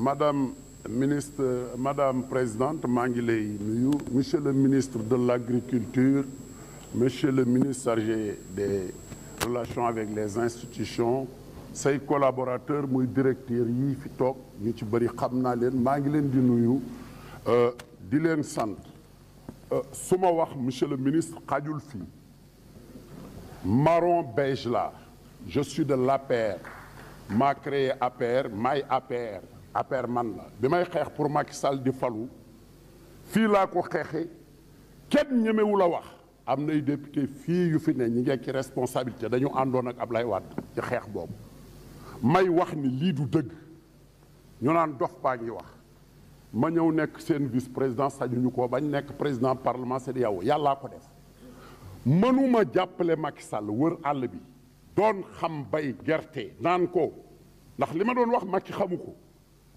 madame ministre madame présidente maa ngi lay nuyu monsieur le ministre de l'agriculture monsieur le ministre chargé des relations avec les institutions say collaborateur muy directeur yii fi toog ñu ci bëri xam naa leen maa ngi leen di nuyu euh, di leen sant euh, su ma wax monsieur le ministre khajul fii maron beige la je suis de l'APR maa créé APR maay APR affaire man la bi may xeex pour Macky sal di falu fii laa ko xeexe kenn ñemewu a wax am nay député fii yu fi ne ñi ngi ci responsabilité dañu àndoon ak Ablaye Wade ci xeex boobu may wax ni lii du dëgg ñu naan dof baa ngi wax ma ñëw nekk seen vice président sañu ñu ko bañ nekk président parlement c'est yow e yàllaa ko def mënuma jàppale Macky Sall wër àll bi doon xam bay gerte naan ko ndax li ma doon wax makki xamu ko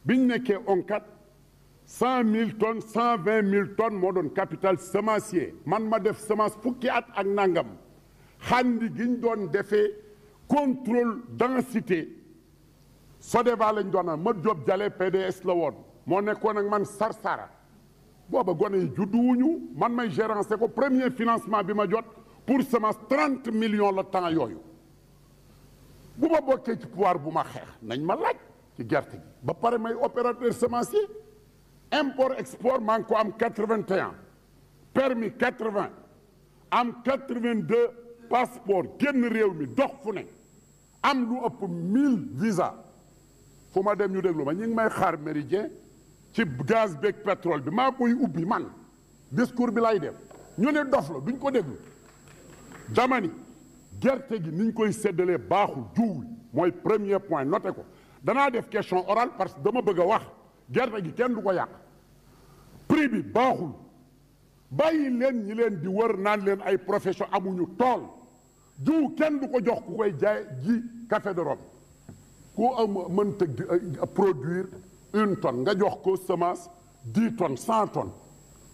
biñ nekkee ONCAD cent mille tonnes cent vingt mille tonnes moo doon capital semencier man ma def semence fukki at ak nangam xandi giñ doon defee contrôle densité Sodeva lañ doon am ma Diop Jale PDS la woon moo nekkoon ak man Sarsara booba gone yi judduwuñu man may gérancé ko premier financement bi ma jot pour semence trente million la temps yooyu bu ma bokkee ci pouvoir bu ma xeex nañ ma laaj ci gerte gi ba pare may opérateur semencier import export maa ngi ko am quatre-vingt-un permis quatre-vingt am quatre-vingt-deux passeport génn réew mi dox fu ne am lu ëpp mille visa fu ma dem ñu déglu ma ñu ngi may xaar méridien ci gaz beeg pétrole bi maa koy ubbi man discours bi lay dem ñu ne dof la duñ ko déglu dama ni gerte gi niñ koy seddalee baaxul juuwul mooy premier point noté ko danaa def question orale parce que dama bëgg a wax gerte gi kenn du ko yàq prix bi baaxul bàyyi leen ñi leen di wër naan leen ay profession amuñu tool jiw kenn du ko jox ku koy jaay ji café de Rome ku am mënta euh, produire une tonne nga jox ko semence dix tonnes cent tonnes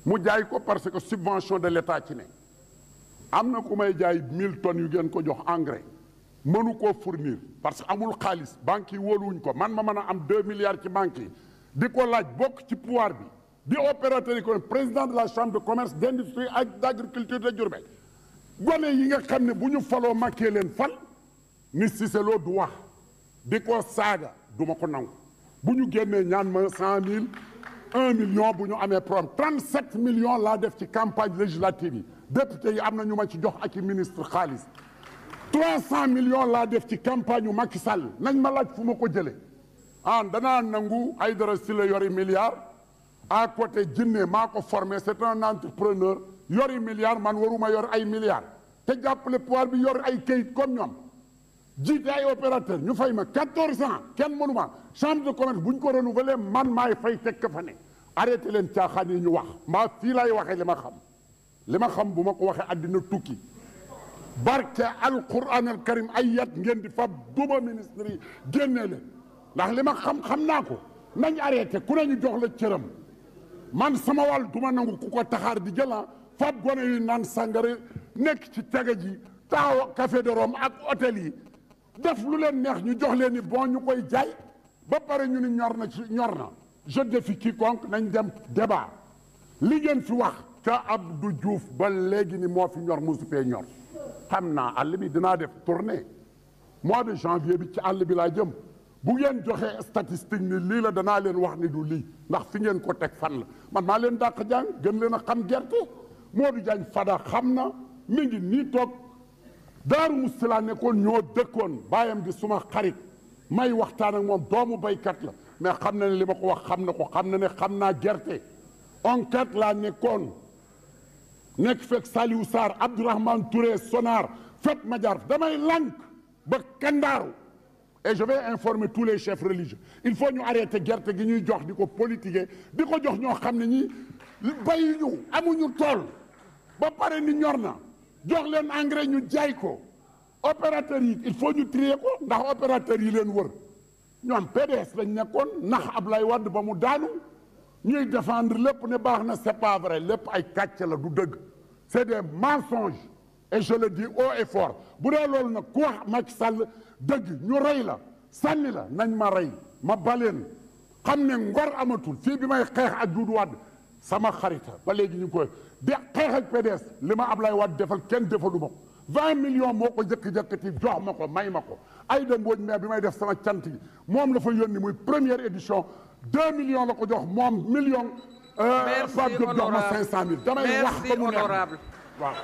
mu jaay ko parce que subvention de l'État ci ne am na ku may jaay mille tonnes yu ngeen ko jox engrais mënu koo fournir parce que amul xaalis banque yi wóoluwuñ ko man ma mën a am deux milliards ci banques yi di ko laaj bokk ci pouvoir bi di opérateur économique président de la chambre de commerce d' industrie ak d' agriculture de Diourbel gone yi nga xam ne bu ñu faloo màkkee leen fal ni Cissé Lo du wax di ko saaga du ma ko nangu bu ñu génnee ñaan ma cent mille un million bu ñu amee problème trente sept million laa def ci campagne législative yi député yi am na ñu ma ci jox ak i ministre xaalis trois cent million laa def ci campagne yu Macky Sall nañ ma laaj fu ma ko jëlee ah danaa nangu ay Aïdara Sylla yori milliard à côté Jinne maa ko formé c'est un yor yori milliard man waruma yor ay milliard te jàpp jàppale pouvoir bi yor ay kayit comme ñoom jiite ay opérateur ñu fay ma quatorze ans kenn mënuma chambre de commerce bu ñu ko renouveler man maay fay tekk fa ne arrêté leen caaxaan yi ñu wax mbaa fii laay waxee li ma xam li ma xam bu ma ko waxee àddina tukki barke alquran al karim ay yat ngeen di fab duma ministre yi ndax li ma xam-xam naa ko nañ arrêté ku nañu jox la cëram man sama wàll duma nangu ku ko taxaar di jëla ah. fab gone yu naan sàngara nekk ci tege ji taaw café de Rome ak hôtel yi def lu leen neex ñu jox leen ni bon ñu koy jaay ba pare ñu ni ñor na ci ñor na je défie quiconque nañ dem débat li ngeen fi wax ca Abdou Diouf ba léegi ni moo fi ñor mosu fee ñor xam naa àll bi dinaa def tournée mois de janvier bi ci àll bi laa jëm bu ngeen joxee statistique ni lii la danaa leen wax ni du lii ndax fi ngeen ko teg fan la man maa leen dàq jàng gën leen a xam gerte Modou Diagne Fada xam na mi ngi nii toog Daaru Musti nekkoon ñoo dëkkoon baayam di suma xarit may waxtaan ak moom doomu baykat la mais xam na ne li ma ko wax xam na ko xam na ne xam naa gerte enquête laa nekkoon nekk fekk Saliou Sarr Abdourahmane Touré Sonar Fatma Diarra damay lànk ba kandaaru et je vais informer tous les chefs religieux il faut ñu arrêter gerte gi ñuy jox di ko politiquer di ko jox ñoo xam ne ñi bayuñu amuñu tool ba pare ni ñor na jox leen engrais ñu jaay ko opérateurs yi il faut ñu trier ko ndax opérateurs yi leen wër ñoom PDS lañ nekkoon ndax Ablaye Wade ba mu daanu ñuy défendre lépp ne baax na c'est pas vrai lépp ay kàcc la du dëgg c'est des mensonges et haut et bu dee loolu nag ku wax Macky Sall dëgg ñu rey la sànni la nañ ma rey ma baleen xam ne ngor amatul fii bi may xeex ak Doudou Wade sama xarita ba léegi ñu ngi koy de xeex ak PDS li ma Ablaye Wade defal kenn defaluma ko 20 millions moo ko jëkki jox ma ko may ma ko Aïda Mbodj mais may def sama cant moom la fa yónni muy première édition 2 millions la ko jox moom million. Pape euh, Diop jox ma 500000. damay wax